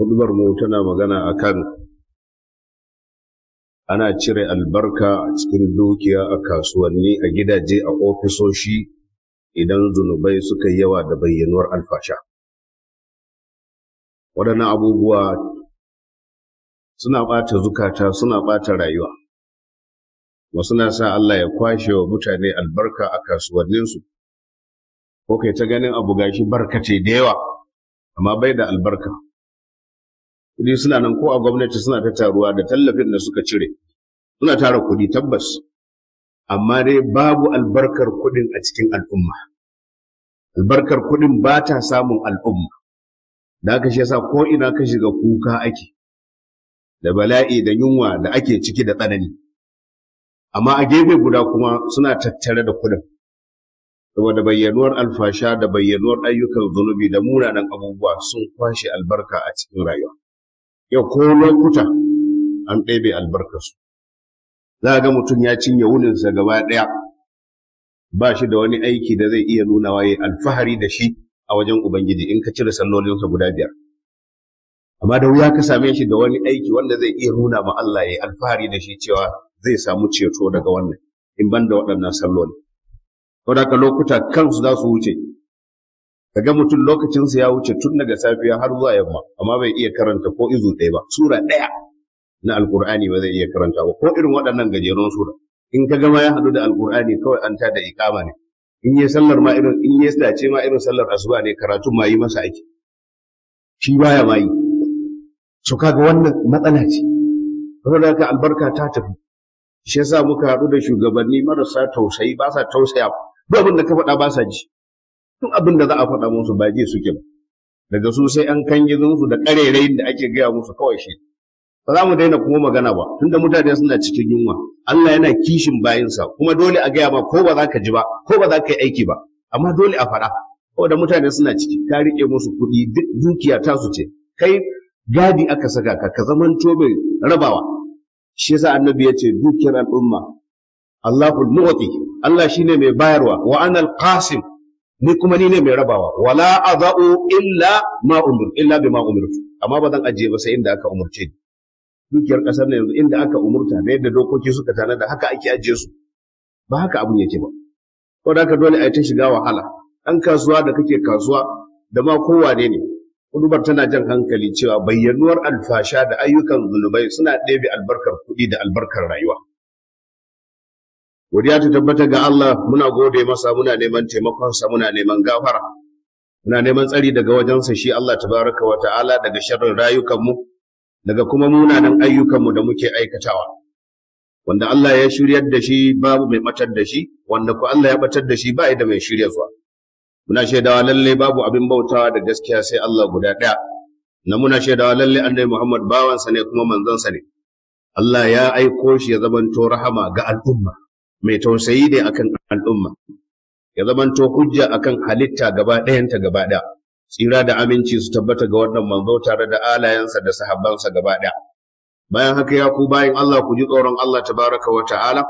hudubar mu tana magana a kan. ana cire albarka a cikin dukiya a kasuwanni a gidaje a ofisoshi idan zunubai suka yi yawa da bayyanuwar alfasha waɗannan abubuwa suna ɓata zukata suna ɓata rayuwa wasu na sa Allah ya kwashe wa mutane albarka a kasuwanninsu ko kai ta ganin abu gashi barkace da yawa amma bai da albarka kudi suna nan ko a gwamnati suna ta taruwa da tallafin da suka cire suna tara kuɗi tabbas amma dai babu albarkar kuɗin a cikin al'umma albarkar kuɗin ba ta samun al'umma da aka shi yasa ko ina ka shiga kuka ake da bala'i da yunwa da ake ciki da tsanani amma a gefe guda kuma suna tattare da kuɗin saboda bayyanuwar alfasha da bayyanuwar ayyukan zunubi da munanan abubuwa sun kwashe albarka a cikin rayuwa yau ko lokuta an ɗebe albarkarsu za a ga mutum ya cinye wuninsa gaba ɗaya ba shi da wani aiki da zai iya nuna waye alfahari da shi a wajen ubangiji in ka cire sallolinsa guda biyar amma da wuya ka same shi da wani aiki wanda zai iya nuna ma Allah ya alfahari da shi cewa zai samu ceto daga wannan in ban da waɗannan salloli saboda lokuta kansu za su wuce kaga mutum lokacinsa ya wuce tun daga safiya har zuwa yamma amma bai iya karanta ko izu ɗaya ba sura ɗaya na alkur'ani ba zai iya karanta ba ko irin waɗannan gajeron sura in ka gama ya haɗu da alkur'ani kawai an tada iƙama ne in yi sallar ma irin in yi dace ma irin sallar asuba ne karatun ma yi masa ake shi baya ma yi so kaga wannan matsala ce saboda ka albarka ta tafi shi yasa muka haɗu da shugabanni marasa tausayi ba sa tausaya ba abin da ka faɗa ba sa ji duk abin da za a faɗa musu ba ji suke ba daga su sai an kan su da ƙarerayin da ake gaya musu kawai shi ba za mu daina kuma magana ba tunda mutane suna cikin yunwa Allah yana kishin bayinsa kuma dole a gaya ba ko ba za ka ji ba ko ba za ka yi aiki ba amma dole a faɗa da mutane suna ciki ka riƙe musu kuɗi duk dukiya ta su ce kai gadi aka saka ka ka zamanto mai rabawa shi yasa annabi ya ce dukiyar al'umma Allahul mu'ti Allah shine mai bayarwa wa anal qasim ni kuma ni ne mai rabawa wala azau illa ma umur illa bima umur amma ba zan ajiye ba sai inda aka umurce ni dukiyar kasar ne yanzu inda aka umurta da yadda dokoki suka tana da haka ake ajiye su ba haka abun yake ba ko da haka dole a ta shiga wahala dan kasuwa da kake kasuwa da ma kowane ne kudubar tana jan hankali cewa bayyanuwar alfasha da ayyukan zunubai suna ɗebe albarkar kuɗi da albarkar rayuwa Godiya ta tabbata ga Allah muna gode masa muna neman taimakonsa muna neman gafara. Muna neman tsari daga wajensa shi Allah tabaraka wa ta'ala daga sharrin rayukanmu daga kuma munanan ayyukanmu da muke aikatawa. Wanda Allah ya shiryar da shi babu mai matar da shi, wanda ko Allah ya batar da shi ba da mai shirya zuwa. Muna shaidawa lalle babu abin bautawa da gaskiya sai Allah guda ɗaya. Na muna shaidawa lalle annabi Muhammad bawansa ne kuma sa ne. Allah ya aiko shi ya zamanto rahama ga al'umma. mai tausayi ne akan al'umma ya zamanto hujja akan halitta gaba ɗayanta gaba ɗaya tsira da aminci su tabbata ga wannan manzo tare da alayansa da sahabbansa gaba ɗaya bayan haka ya ku bayan Allah ku ji tsoron Allah tabaraka wa ta'ala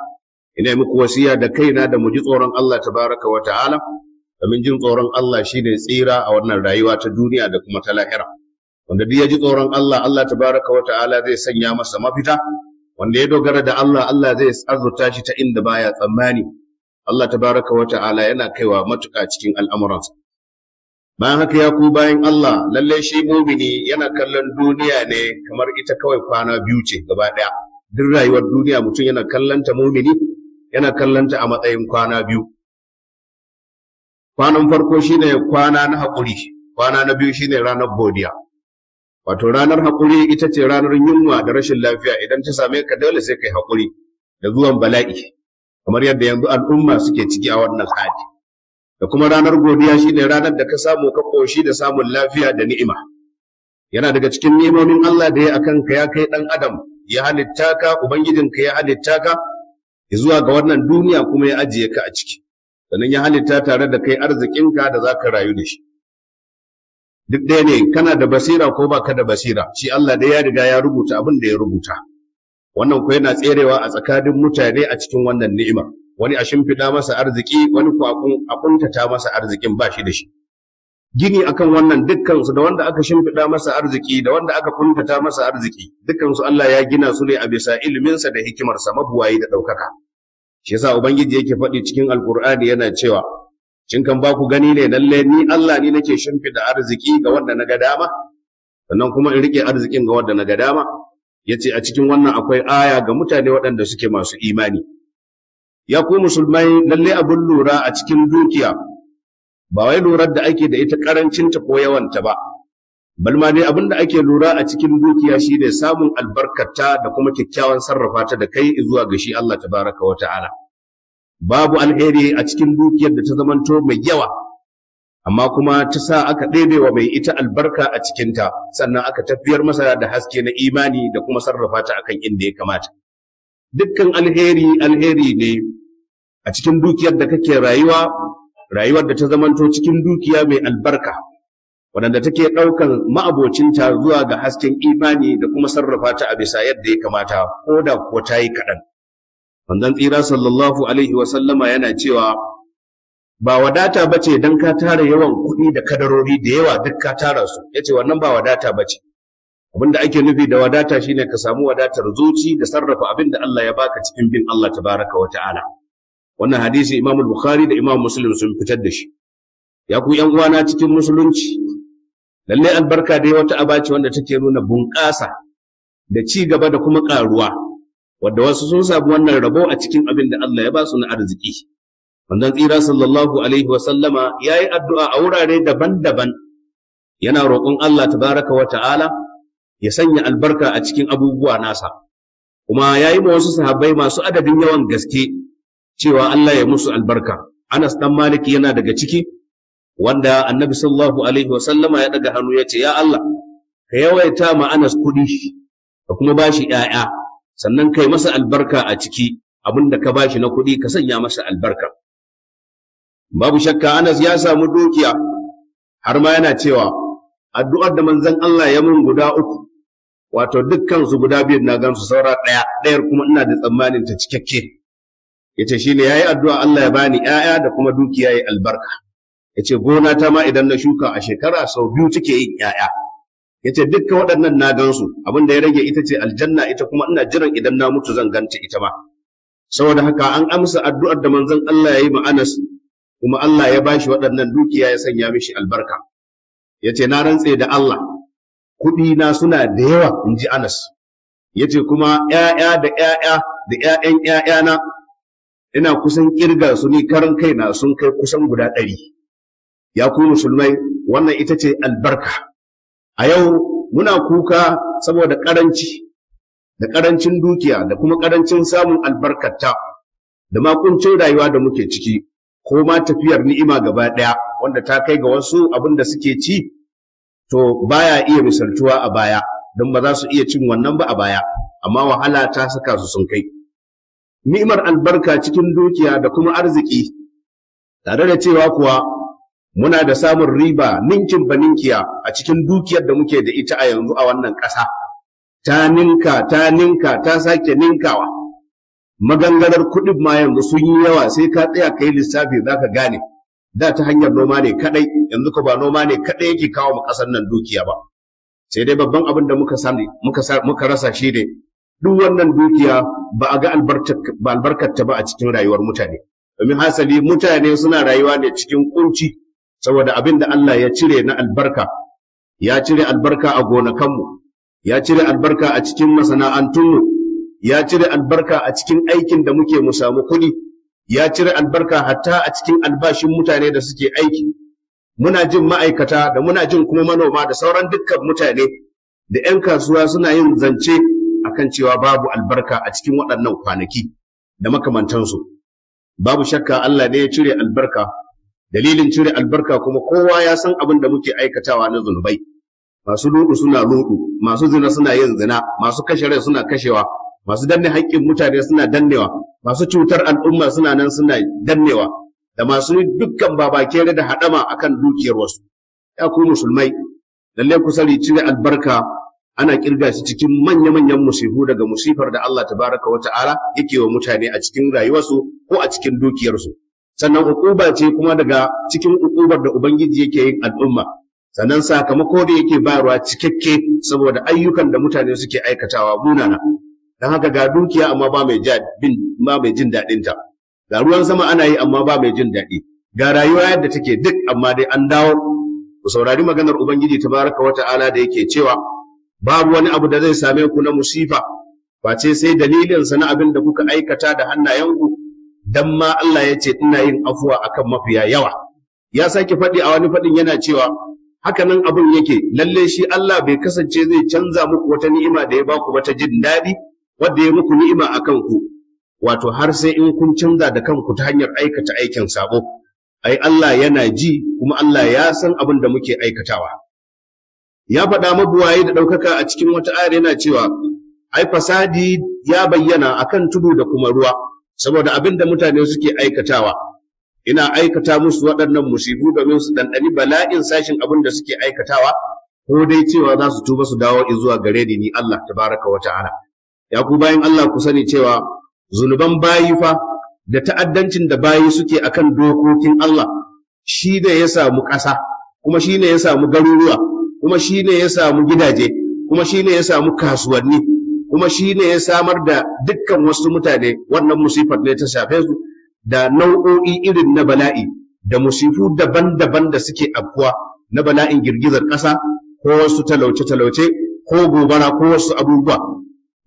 ina muku wasiya da kaina da mu ji tsoron Allah tabaraka wa ta'ala domin jin tsoron Allah shine tsira a wannan rayuwa ta duniya da kuma ta lahira wanda duk ya ji tsoron Allah Allah tabaraka wa ta'ala zai sanya masa mafita wanda ya dogara da Allah Allah zai azurta shi ta inda baya tsammani Allah tabaraka wa ta'ala yana kaiwa matuƙa cikin al'amuransa bayan haka ya ku bayan Allah lalle shi mumini yana kallon duniya ne kamar ita kawai kwana biyu ce gaba ɗaya duk rayuwar duniya mutum yana kallon ta mumini yana kallon a matsayin kwana biyu kwanan farko shine kwana na haƙuri kwana na biyu shine ranar godiya wato ranar hakuri ita ce ranar yunwa da rashin lafiya idan ta same ka dole sai kai hakuri da zuwan bala'i kamar yadda yanzu al'umma suke ciki a wannan hali da kuma ranar godiya shine ranar da ka samu ka koshi da samun lafiya da ni'ima yana daga cikin ni'imomin Allah da ya akan ka ya kai dan adam ya halitta ka ubangijin ka ya halitta ka zuwa ga wannan duniya kuma ya ajiye ka a ciki sannan ya halitta tare da kai arzikinka da zaka rayu da shi duk ɗaya ne kana da basira ko ba ka da basira shi Allah dai ya riga ya rubuta abin da ya rubuta wannan ko yana tserewa a tsakanin mutane a cikin wannan ni'imar wani a shimfiɗa masa arziki wani ko a kuntata masa arzikin ba shi da shi gini akan wannan su da wanda aka shimfiɗa masa arziki da wanda aka kuntata masa arziki su Allah ya gina su ne a bisa iliminsa da hikimarsa mabuwayi da ɗaukaka shi yasa ubangiji yake faɗi cikin alkur'ani yana cewa shin kan baku gani ne lalle ni Allah ni nake shimfida arziki ga wanda na ga dama sannan kuma in rike arzikin ga wanda na ga dama yace a cikin wannan akwai aya ga mutane waɗanda suke masu imani ya ku musulmai lalle abun lura a cikin dukiya ba wai lurar da ake da ita ta ko yawan ta ba bal ma dai abin da ake lura a cikin dukiya shine samun albarkata da kuma kyakkyawan sarrafa ta da kai zuwa ga shi Allah tabaraka wa ta'ala babu alheri a cikin dukiyar da ta zamanto mai yawa amma kuma ta sa aka ɗebewa mai ita albarka a cikinta sannan aka tafiyar masa da haske na imani da kuma sarrafa ta akan inda ya kamata dukkan alheri alheri ne a cikin dukiyar da kake rayuwa rayuwar da ta zamanto cikin dukiya mai albarka wadanda take ɗaukan ma'abocinta zuwa ga hasken imani da kuma sarrafa ta a bisa yadda ya kamata ko da ko ta yi kaɗan Wanzan tsira sallallahu alaihi wa sallama yana cewa ba wadata bace dan ka tara yawan kuɗi da kadarori da yawa duk ka tara su yace wannan ba wadata bace abinda ake nufi da wadata shine ka samu wadatar zuci da sarrafa abin da Allah ya baka cikin bin Allah tabaraka wa ta'ala wannan hadisi Imam Bukhari da Imam Muslim sun fitar da shi ya ku yan uwana cikin musulunci Lallai albarka da wata aba ce wanda take nuna bunƙasa da ci gaba da kuma ƙaruwa wanda wasu sun samu wannan rabo a cikin abin da Allah ya ba su na arziki Wannan tsira sallallahu alaihi wasallama yayi addu'a a wurare daban-daban yana roƙon Allah baraka wa ta'ala ya sanya albarka a cikin abubuwa nasa kuma yayi ma wasu sahabbai masu adadin yawan gaske cewa Allah ya musu albarka Anas dan Malik yana daga ciki wanda Annabi sallallahu alaihi wasallama ya ɗaga hannu ya ce ya Allah ka yawaita ma Anas kuɗi ka kuma bashi 'ya'ya sannan kai masa albarka a ciki abin da ka bashi na kuɗi ka sanya masa albarka babu shakka Anas ya samu dukiya har ma yana cewa addu'ar da manzan Allah ya mun guda uku wato dukkan su guda biyu na gansu saura ɗaya ɗayar kuma ina da tsammanin ta cikakke yace shine yayi addu'a Allah ya bani 'ya'ya da kuma dukiya yayi albarka yace gona ta ma idan na shuka a shekara sau biyu take yin 'ya'ya. yace dukkan waɗannan na gansu abin da ya rage ita ce aljanna ita kuma ina jiran idan na mutu zan ganta ita ba. saboda haka an amsa addu'ar da manzon Allah ya yi ma kuma Allah ya bashi waɗannan dukiya ya sanya mishi albarka yace na rantse da Allah kuɗi na suna da yawa in ji Anas yace kuma ‘ya'ya da ‘ya'ya da ‘ya'yan na? ina kusan ƙirga su ni karan kaina sun kai kusan guda ɗari ya ku musulmai wannan ita ce albarka a yau muna kuka saboda ƙaranci da ƙarancin dukiya da kuma ƙarancin samun albarkata da makuncin rayuwa da muke ciki ko ma tafiyar ni'ima gaba ɗaya wanda ta kai ga wasu abin da suke ci to baya iya misaltuwa a baya don ba za su iya cin wannan ba a baya amma wahala ta saka su sun kai ni'imar albarka cikin dukiya da kuma arziki tare da cewa kuwa muna da samun riba ninkin ba ninkiya a cikin dukiyar da muke da ita a yanzu a wannan ƙasa ta ninka ta ninka ta sake ninkawa Magangarar kuɗin ma yanzu sun yi yawa sai ka tsaya ka yi lissafi za ka gane da ta hanyar noma ne kaɗai yanzu ka ba noma ne kaɗai yake kawo mu ƙasar nan dukiya ba sai dai babban abin da muka sani muka rasa shi ne duk wannan dukiya ba a ga albarkarta ba a cikin rayuwar mutane domin hasali mutane suna rayuwa ne cikin kunci saboda abin da Allah ya cire na albarka ya cire albarka a gonakanmu ya cire albarka a cikin masana'antunmu ya cire albarka a cikin aikin da muke mu samu kuɗi ya cire albarka hatta a cikin albashin mutane da suke aiki muna jin ma'aikata da muna jin kuma manoma da sauran dukkan mutane da 'yan kasuwa suna yin zance akan cewa babu albarka a cikin waɗannan kwanaki da makamantansu babu shakka Allah ne ya cire albarka dalilin cire albarka kuma kowa ya san abin da muke aikatawa na zunubai masu ludu suna ludu masu zina suna yin zina masu kashe rai suna kashewa masu danne haƙƙin mutane suna dannewa masu cutar al'umma suna nan suna dannewa da masu dukkan babakere da haɗama akan dukiyar wasu ya ku musulmai lalle ku sani cire albarka ana kirga shi cikin manya-manyan musifu daga musifar da Allah tabaraka wa ta'ala yake wa mutane a cikin rayuwarsu ko a cikin dukiyarsu sannan ukuba ce kuma daga cikin ukubar da ubangiji yake yin al'umma sannan sakamako da yake bayarwa cikakke saboda ayyukan da mutane suke aikatawa munana don haka ga dukiya amma ba mai jin daɗinta. ta ga ruwan sama ana yi amma ba mai jin daɗi ga rayuwa yadda take duk amma dai an dawo ku saurari maganar ubangiji tabaraka wa ta'ala da yake cewa babu wani abu da zai same ku na musifa face sai dalilin sana abin da kuka aikata da hannayenku dan ma Allah ya ce ina yin afuwa akan mafiya yawa ya sake faɗi a wani faɗin yana cewa hakanan nan abin yake lalle shi Allah bai kasance zai canza muku wata ni'ima da ya ba baku wata jin daɗi wadda ya muku ni'ima a kanku wato har sai in kun canza da kanku ta hanyar aikata aikin sabo ai Allah yana ji kuma Allah ya san abin da muke aikatawa ya faɗa mabuwaye da ɗaukaka a cikin wata ayar yana cewa ai fasadi ya bayyana akan tudu da kuma ruwa saboda abin da mutane suke aikatawa ina aikata musu waɗannan musibu domin su ɗanɗani bala'in sashin abin da suke aikatawa ko dai cewa za su tuba su dawo zuwa gare ni Allah tabaraka wa ta'ala ya ku bayan Allah ku sani cewa zunuban bayi fa da ta'addancin da bayi suke akan dokokin Allah shi ne ya samu ƙasa kuma shi ne ya samu garuruwa kuma shi ne ya samu gidaje kuma shi ne ya samu kasuwanni kuma shi ne ya samar da dukkan wasu mutane wannan musifar ne ta shafe su da nau'o'i irin na bala'i da musifu daban-daban da suke afkuwa na bala'in girgizar ƙasa ko wasu talauce-talauce ko gobara ko wasu abubuwa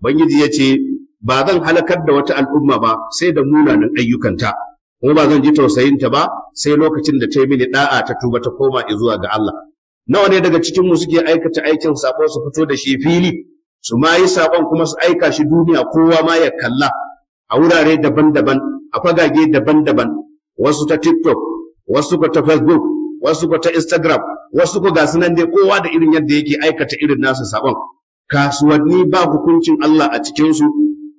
Bangiji ya ce ba zan halakar da wata al'umma ba sai da munanan ayyukanta kuma ba zan ji tausayinta ba sai lokacin da ta yi mini da'a ta tuba ta koma zuwa ga Allah nawa ne daga cikin mu suke aikata aikin sabo su fito da shi fili su ma yi saƙon kuma su aika shi duniya kowa ma ya kalla a wurare daban-daban a fagage daban-daban wasu ta tiktok wasu ta facebook wasu ta instagram wasu ko gasu nan dai kowa da irin yadda yake aikata irin nasu saƙon kasuwanni ba hukuncin Allah a cikinsu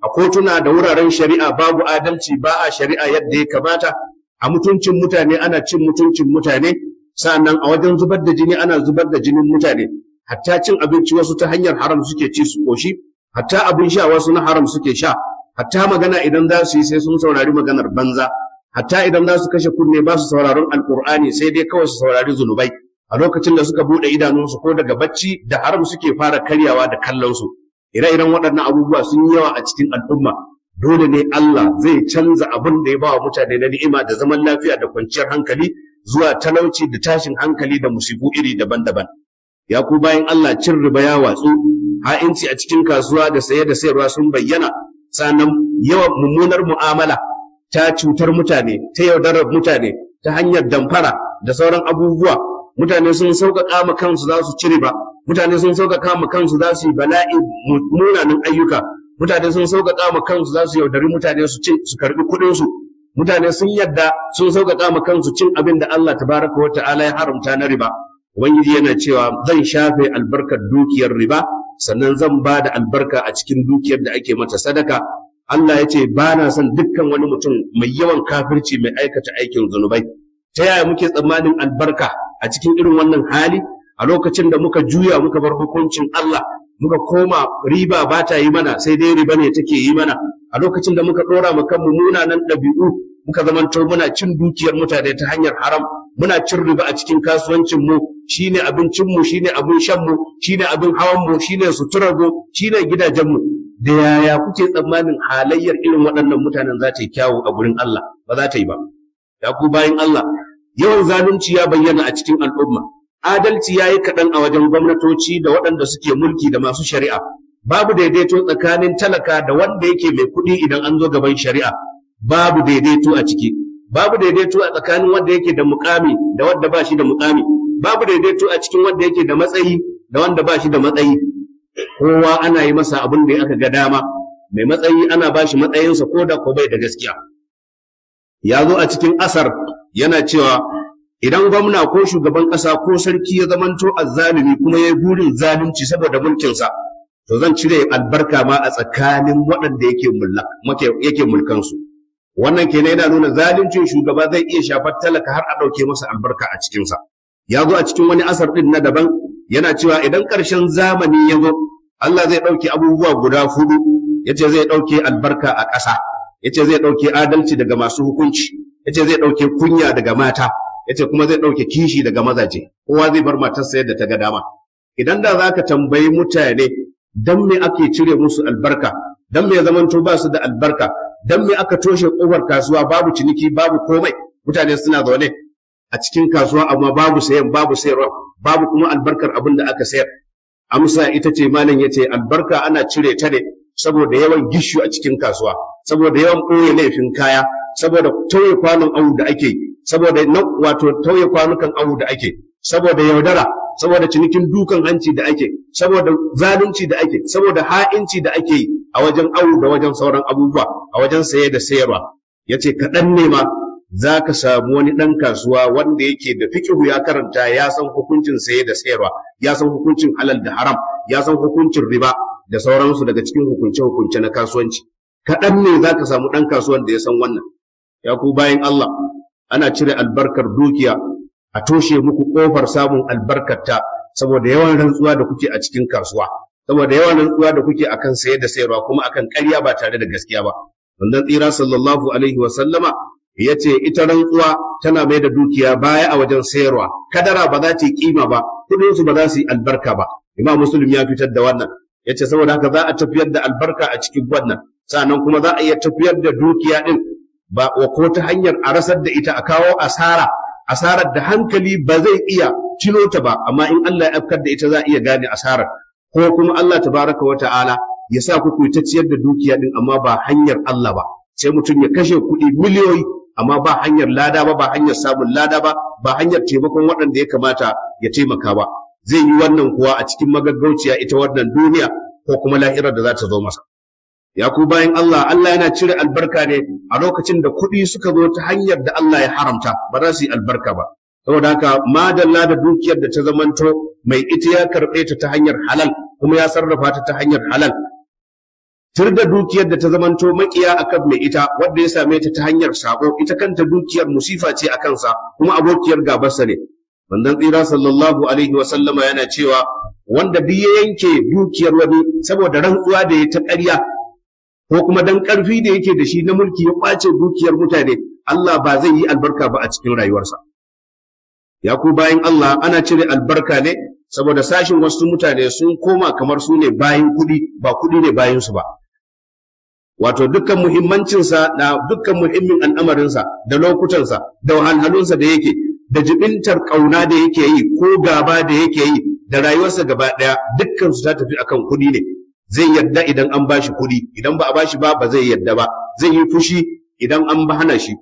a kotuna da wuraren shari'a babu adalci ba a shari'a yadda ya kamata a mutuncin mutane ana cin mutuncin mutane sannan a wajen zubar da jini ana zubar da jinin mutane hatta cin abinci wasu ta hanyar haram suke ci su koshi hatta abin sha wasu na haram suke sha hatta magana idan za su yi sai sun saurari maganar banza hatta idan za su kashe kunne ba su sauraron alkur'ani sai dai kawai su saurari zunubai a lokacin da suka bude idanunsu ko daga bacci da haram suke fara karyawa da kallon su ire iran waɗannan abubuwa sun yi yawa a cikin al'umma dole ne Allah zai canza abin da ya ba wa mutane na ni'ima da zaman lafiya da kwanciyar hankali zuwa talauci da tashin hankali da musibu iri daban-daban. ya ku bayan Allah cin riba ya watsu ha'inci a cikin kasuwa da saye da sayarwa sun bayyana sannan yawan mummunar mu'amala ta cutar mutane ta yaudarar mutane ta hanyar damfara da sauran abubuwa mutane sun sauƙaƙa ma kansu za su ci riba mutane sun sauƙaƙa ma kansu za su yi bala'i munanan ayyuka mutane sun sauƙaƙa ma kansu za su yaudari mutane su ci su karɓi kuɗinsu mutane sun yadda sun sauƙaƙa ma kansu cin abin da Allah tabaraka wa ta'ala ya haramta na riba ubangiji yana cewa zan shafe albarkar dukiyar riba sannan zan ba da albarka a cikin dukiyar da ake mata sadaka Allah ya ce ba na son dukkan wani mutum mai yawan kafirci mai aikata aikin zunubai ta yaya muke tsammanin albarka a cikin irin wannan hali a lokacin da muka juya muka bar hukuncin Allah muka koma riba ba ta yi mana sai dai riba ne take yi mana a lokacin da muka dora mu kanmu munanan ɗabi'u muka zamanto muna cin dukiyar mutane ta hanyar haram muna cin riba a cikin kasuwancin mu shine abincin mu shine abin shan mu shine abin hawan mu shine suturar mu shine gidajen mu da yaya kuke tsammanin halayyar irin waɗannan mutanen za ta yi kyawu a gurin Allah ba za ta yi ba ya ku bayan Allah yawan zalunci ya bayyana a cikin al'umma adalci ya yi kaɗan a wajen gwamnatoci da waɗanda suke mulki da masu shari'a babu daidaito tsakanin talaka da wanda yake mai kuɗi idan an zo gaban shari'a babu daidaito a ciki babu daidaito a tsakanin wanda yake da mukami da wanda ba shi da mukami babu daidaito a cikin wanda yake da matsayi da wanda ba shi da matsayi kowa ana yi masa abin da aka ga dama mai matsayi ana ba shi matsayinsa ko da ko bai da gaskiya ya zo a cikin asar yana cewa idan gwamna ko shugaban ƙasa ko sarki ya zamanto azzalimi kuma ya yi burin zalunci saboda mulkin sa, to zan cire albarka ma a tsakanin waɗanda yake mulkansu wannan kenan yana nuna zaluncin shugaba zai iya shafar talaka har a ɗauke masa albarka a cikinsa ya zo a cikin wani asar ɗin na daban yana cewa idan ƙarshen zamani ya zo Allah zai ɗauke abubuwa guda hudu yace zai ɗauke albarka a ƙasa yace zai ɗauke adalci daga masu hukunci yace zai ɗauke kunya daga mata yace kuma zai ɗauke kishi daga mazaje kowa zai bar matarsa yadda ta ga dama idan da zaka tambayi mutane dan me ake cire musu albarka dan me zamanto ba su da albarka dan me aka toshe kofar kasuwa babu ciniki babu komai mutane suna zaune a cikin kasuwa amma babu sayan babu sayarwa babu kuma albarkar abin da aka sayar amsa ita ce malam yace albarka ana cire ta ne saboda yawan gishu a cikin kasuwa saboda yawan ɓoye laifin kaya saboda tauye kwanon awu da ake saboda wato tauye kwanukan awu da ake saboda yaudara saboda cinikin dukan hanci da ake saboda zalunci da ake saboda ha'inci da ake yi a wajen awu da wajen sauran abubuwa a wajen saye da sayarwa ya ce kaɗan ne ma za ka samu wani ɗan kasuwa wanda yake da fikihu ya karanta ya san hukuncin saye da sayarwa ya san hukuncin halal da haram ya san hukuncin riba da sauransu daga cikin hukunce-hukunce na kasuwanci kaɗan ne za ka samu ɗan kasuwan da ya san wannan ya ku bayan Allah ana cire albarkar dukiya a toshe muku ƙofar samun albarkarta saboda yawan rantsuwa da kuke a cikin kasuwa saboda yawan rantsuwa da kuke akan sayar da sayarwa kuma akan karya ba tare da gaskiya ba wannan tsira sallallahu alaihi wa sallama ya ce ita rantsuwa tana mai da dukiya baya a wajen sayarwa kadara ba za ta yi kima ba kudin su ba za su yi albarka ba imam muslim ya fitar da wannan ya ce saboda haka za a tafiyar da albarka a cikin wannan sannan kuma za a iya tafiyar da dukiya ɗin, ba wa ko ta hanyar a rasar da ita a kawo asara asarar da hankali ba zai iya cino ta ba amma in Allah ya afkar da ita za a iya gane asarar ko kuma Allah tabaraka wa ta'ala ya sa ku ta ciyar da dukiya din amma ba hanyar Allah ba sai mutum ya kashe kuɗi miliyoyi amma ba hanyar lada ba ba hanyar samun lada ba ba hanyar taimakon waɗanda ya kamata ya taimaka ba zai yi wannan kuwa a cikin magaggauciya ita wannan duniya ko kuma lahirar da za ta zo masa ya ku bayan Allah Allah yana cire albarka ne a lokacin da kuɗi suka zo ta hanyar da Allah ya haramta ba za su yi albarka ba saboda haka madalla da dukiyar da ta zamanto mai ita ya karɓe ta ta hanyar halal kuma ya sarrafa ta ta hanyar halal tur da dukiyar da ta zamanto makiya akan mai ita wanda ya same ta ta hanyar sako ita kanta dukiyar musifa ce a kansa kuma abokiyar gabarsa ne manzon tsira sallallahu alaihi wa yana cewa wanda duk ya yanke dukiyar wani saboda rantsuwa da ya ta ƙarya ko kuma dan ƙarfi da yake da shi na mulki ya ƙwace dukiyar mutane Allah ba zai yi albarka ba a cikin rayuwarsa ya ku bayan Allah ana cire albarka ne saboda sashin wasu mutane sun koma kamar su ne bayan kuɗi ba kuɗi ne bayan su ba wato dukkan muhimmancinsa da dukkan muhimmin al'amarinsa da lokutansa da wahalhalunsa da yake da jibintar ƙauna da yake yi ko gaba da yake yi da rayuwarsa gaba ɗaya dukkan su ta tafi akan kuɗi ne zai yarda idan an bashi kuɗi idan ba a bashi ba ba zai yarda ba zai yi fushi idan an hana shi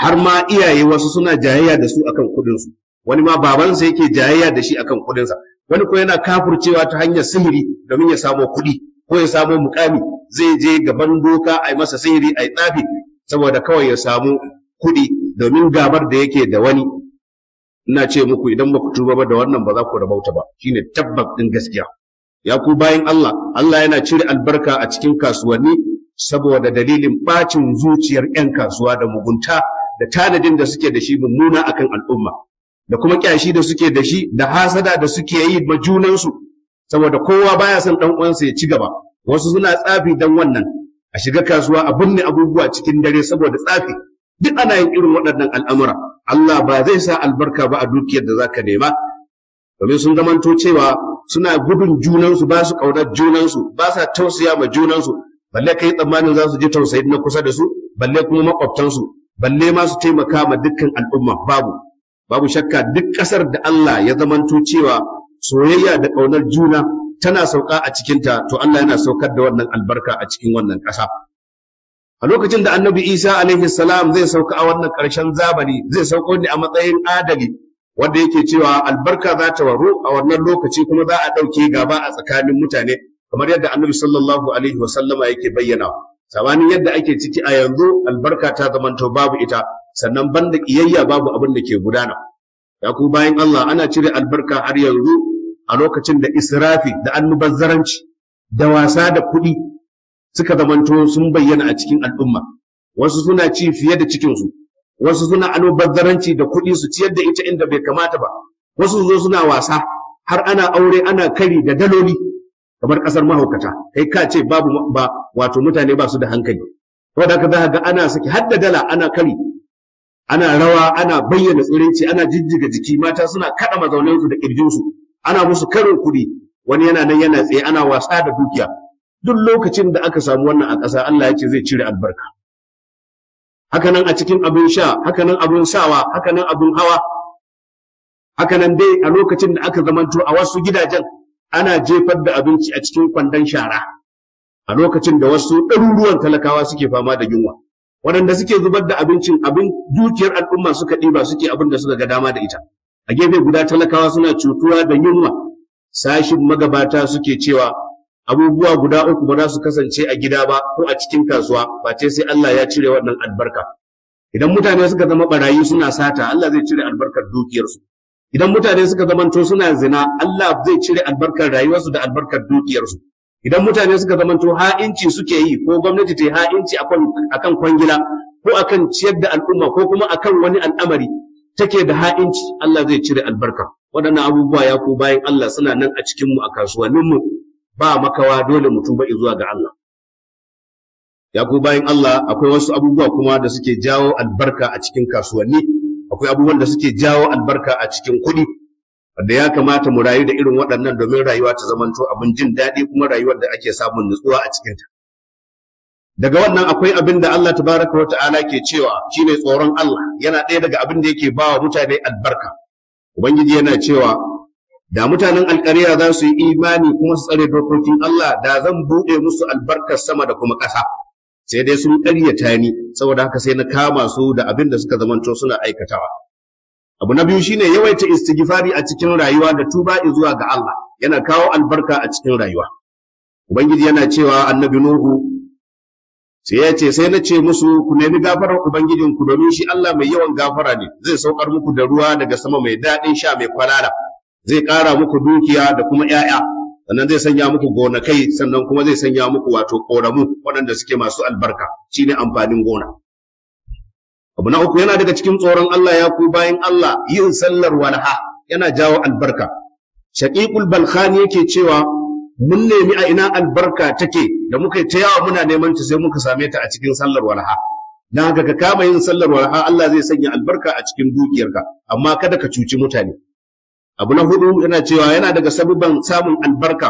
har ma iyaye wasu suna jayayya da su akan kuɗinsu wani ma babansa yake jayayya da shi akan kuɗinsa wani ko yana kafurcewa ta hanyar sihiri domin ya samo kuɗi ko ya samo mukami zai je gaban doka a yi masa sihiri a yi tsafi saboda kawai ya samu kuɗi domin gabar da yake da wani ina ce muku idan ba ku tuba ba da wannan ba za ku rabauta ba shine tabbas din gaskiya ya ku bayan Allah Allah yana cire albarka a cikin kasuwanni saboda dalilin bacin zuciyar 'yan kasuwa da mugunta da tanadin da suke da shi mummuna akan al'umma da kuma kyashi da suke da shi da hasada da suke yi ma junansu saboda kowa baya son dan uwansa ya ci gaba wasu suna tsafi dan wannan a shiga kasuwa a binne abubuwa cikin dare saboda tsafi duk ana yin irin waɗannan al'amura Allah ba zai sa albarka ba a dukiyar da zaka nema domin sun zamanto cewa suna gudun junansu ba su ƙaunar junansu ba sa tausaya ma junansu balle kai tsammanin za su ji tausayi na kusa da su balle kuma makwabtansu balle ma su taimaka ma dukkan al'umma babu babu shakka duk ƙasar da Allah ya zamanto cewa soyayya da ƙaunar juna tana sauka a cikinta to Allah yana saukar da wannan albarka a cikin wannan ƙasa a lokacin da annabi isa alaihi salam zai sauka a wannan ƙarshen zamani zai sauko ne a matsayin adali wanda yake cewa albarka za ta waru a wannan lokaci kuma za a ɗauke gaba a tsakanin mutane kamar yadda annabi sallallahu alaihi wasallama yake bayyana sabanin yadda ake ciki a yanzu albarka ta zamanto babu ita sannan banda kiyayya babu abin da ke gudana ya ku bayan Allah ana cire albarka har yanzu a lokacin da israfi da annubazzaranci da wasa da kuɗi suka zamanto sun bayyana a cikin al'umma wasu suna ci fiye da cikinsu wasu suna almubazzaranci da kuɗi su ciyar da ita inda bai kamata ba wasu zo suna wasa har ana aure ana kari da daloli kamar kasar mahaukata kai ka ce babu ba wato mutane ba su da hankali saboda da za ga ana saki har da dala ana kari ana rawa ana bayyana tsirinci ana jijjiga jiki mata suna kada mazauninsu da kirjinsu ana musu karin kuɗi wani yana nan yana tsaye ana wasa da dukiya duk lokacin da aka samu wannan a ƙasa Allah ya zai cire albarka hakanan a cikin abin sha hakanan abin sawa hakanan abin hawa hakanan dai a lokacin da aka zamanto a wasu gidajen ana jefar da abinci a cikin kwandon shara a lokacin da wasu ɗaruruwan talakawa suke fama da yunwa waɗanda suke zubar da abincin abin dukiyar al'umma suka ɗiba suke abin da suka ga dama da ita a gefe guda talakawa suna cutuwa da yunwa sashin magabata suke cewa abubuwa guda uku ba za su kasance a gida ba ko a cikin kasuwa face sai Allah ya cire wannan albarka idan mutane suka zama barayi suna sata Allah zai cire albarkar dukiyarsu idan mutane suka zamanto suna zina Allah zai cire albarkar rayuwarsu da albarkar dukiyarsu idan mutane suka zamanto ha'inci suke yi ko gwamnati ta yi ha'inci akan kwangila ko akan ciyar da al'umma ko kuma akan wani al'amari take da ha'inci Allah zai cire albarka waɗannan abubuwa ya ku bayan Allah suna nan a cikinmu a kasuwanninmu ba makawa dole mu tuba zuwa ga Allah ya ku bayan Allah akwai wasu abubuwa kuma da suke jawo albarka a cikin kasuwanni akwai abubuwan da suke jawo albarka a cikin kuɗi da ya kamata mu rayu da irin waɗannan domin rayuwa ta zamanto abin jin daɗi kuma rayuwar da ake samun nutsuwa a cikinta daga wannan akwai abin da Allah tabaraka wa ta'ala ke cewa shi ne tsoron Allah yana ɗaya daga abin da yake ba wa mutane albarka ubangiji yana cewa da mutanen alƙarya za su yi imani kuma su tsare dokokin Allah da zan buɗe musu albarkar sama da kuma ƙasa sai dai sun ƙaryata ni saboda haka sai na kama su da abin da suka zamanto suna aikatawa abu na biyu shine yawaita istighfari a cikin rayuwa da tuba zuwa ga Allah yana kawo albarka a cikin rayuwa ubangiji yana cewa annabi nuhu sai ya ce sai na ce musu ku nemi gafarar ubangijin ku domin shi Allah mai yawan gafara ne zai saukar muku da ruwa daga sama mai daɗin sha mai kwalala zai ƙara muku dukiya da kuma 'ya'ya, sannan zai sanya muku gona kai sannan kuma zai sanya muku wato ƙoramu waɗanda suke masu albarka shine amfanin gona abu na uku yana daga cikin tsoron Allah ya ku bayan Allah yin sallar walha yana jawo albarka shaqiqul balkhani yake cewa mun nemi a ina albarka take da muka yi ta yawa muna neman ta sai muka same ta a cikin sallar walha dan haka ka kama yin sallar walha Allah zai sanya albarka a cikin dukiyarka amma kada ka cuci mutane abu na hudu yana cewa yana daga sababan samun albarka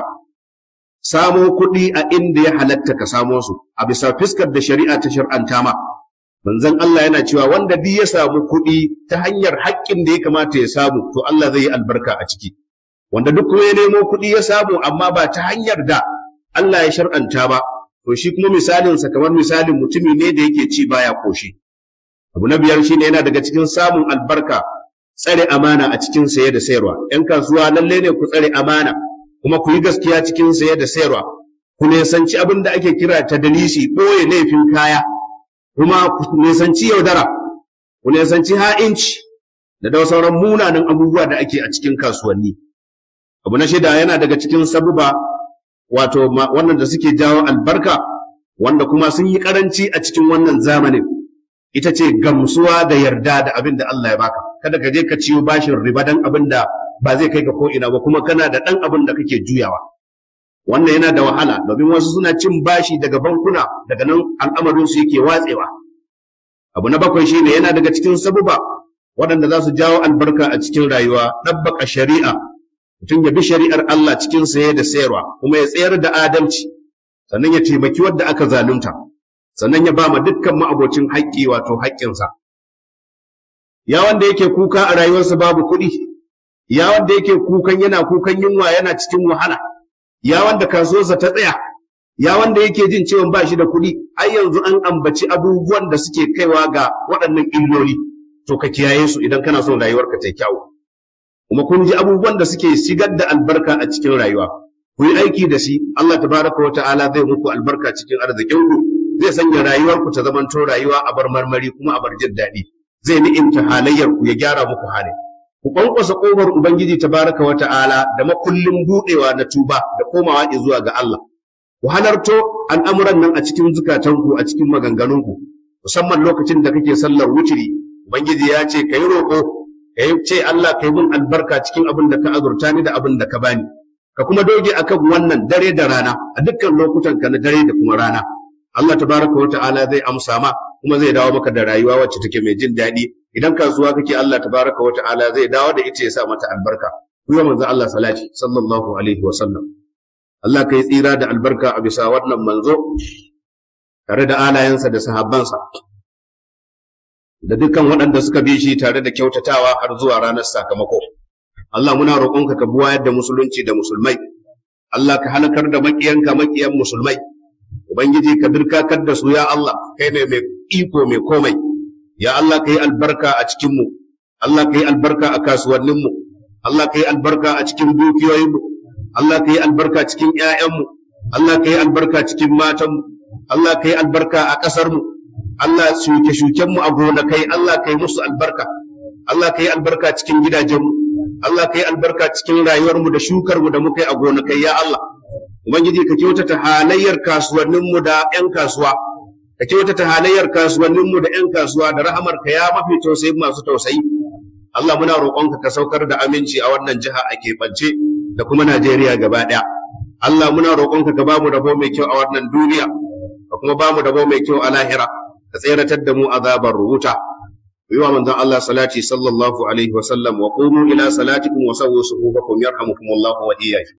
samo kuɗi a inda ya halatta ka samo su a bisa fiskar da shari'a ta shar'anta ma manzon Allah yana cewa wanda duk ya samu kuɗi ta hanyar haƙƙin da ya kamata ya samu to Allah zai yi albarka a ciki wanda duk kuma ya nemo kuɗi ya samu amma ba ta hanyar da Allah ya shar'anta ba to shi kuma misalin sa kamar misalin mutumin ne da yake ci baya koshi abu na biyar shine yana daga cikin samun albarka tsare amana a cikin saye da sayarwa yan kasuwa lalle ne ku tsare amana kuma ku yi gaskiya cikin saye da sayarwa ku ne abin da ake kira ta dalisi ɓoye laifin kaya kuma ku nisanci yaudara ku nisanci ha'inci da dau sauran munanan abubuwa da ake a cikin kasuwanni abu na shida yana daga cikin sabuba wato wannan da suke jawo albarka wanda kuma sun yi karanci a cikin wannan zamanin ita ce gamsuwa da yarda da abin da Allah ya baka kada ka je ka ciyo bashin riba dan abin da ba zai kai ka ko ina ba kuma kana da ɗan abin da kake juyawa wannan yana da wahala domin wasu suna cin bashi daga bankuna daga nan al'amarin su yake watsewa abu na bakwai shine yana daga cikin sabuba waɗanda za su jawo albarka a cikin rayuwa ɗabbaka shari'a mutum ya bi shari'ar Allah cikin saye da sayarwa kuma ya tsayar da adalci sannan ya taimaki wadda aka zalunta sannan ya ba ma dukkan ma'abocin haƙƙi wato haƙƙinsa ya wanda yake kuka a rayuwarsa babu kuɗi ya wanda yake kukan yana kukan yunwa yana cikin wahala ya wanda kasuwarsa ta tsaya ya wanda yake jin cewa ba shi da kuɗi ai yanzu an ambaci abubuwan da suke kaiwa ga waɗannan illoli to ka kiyaye su idan kana son rayuwarka ta kyau. kuma kun ji abubuwan da suke shigar da albarka a cikin rayuwa ku yi aiki da shi Allah tabaraka wa ta'ala zai muku albarka cikin arzikin ku zai sanya rayuwarku ta zamanto rayuwa a bar marmari kuma a bar jin daɗi zai ni'inta halayyar ku ya gyara muku halin ku kwankwasa ƙofar ubangiji tabaraka wa ta'ala da makullin buɗewa na tuba da komawa zuwa ga Allah ku halarto al'amuran nan a cikin zukatanku a cikin maganganunku musamman lokacin da kake sallar wutiri, ubangiji ya ce kayi roƙo kai ce Allah kai mun albarka cikin abin da ka azurta ni da abin da ka bani ka kuma doge akan wannan dare da rana a dukkan lokutan ka na dare da kuma rana Allah tabaraka wa ta'ala zai amsa ma kuma zai dawo maka da rayuwa wacce take mai jin daɗi idan kasuwa kake Allah tabaraka wa ta'ala zai dawo da ita ya sa mata albarka kuma manzon Allah salati sallallahu alaihi wa sallam Allah kai tsira da albarka a bisa wannan manzo tare da alayensa da sahabbansa da dukkan waɗanda suka bi shi tare da kyautatawa har zuwa ranar sakamako Allah muna roƙonka ka buwa yadda musulunci da musulmai Allah ka halakar da makiyanka makiyan musulmai Ubangiji ka dirkakar da su ya Allah kai ne mai iko mai komai ya Allah ka yi albarka a cikinmu Allah ka yi albarka a kasuwanninmu Allah ka yi albarka a cikin dukiyoyinmu Allah ka yi albarka cikin 'ya'yanmu Allah ka yi albarka cikin matanmu Allah ka yi albarka a ƙasarmu Allah shuke-shukenmu a gonakai Allah ka yi musu albarka Allah ka yi albarka cikin gidajenmu Allah ka yi albarka cikin rayuwarmu da shukarmu da muka yi a gonakai ya Allah Ubangiji ka kyautata halayyar kasuwanninmu da 'yan kasuwa ka kyautata halayyar kasuwanninmu da 'yan kasuwa da rahamar ka ya mafi tausayin masu tausayi Allah muna roƙonka ka saukar da aminci a wannan jiha a keɓance da kuma Najeriya gaba ɗaya Allah muna roƙonka ka bamu rabo mai kyau a wannan duniya da kuma bamu rabo mai kyau a lahira ka tseratar da mu azabar rubuta yi manzon Allah salati sallallahu alaihi wa sallam wa qumu ila salatikum wa sawwu suhufakum yarhamukumullahu wa iyyakum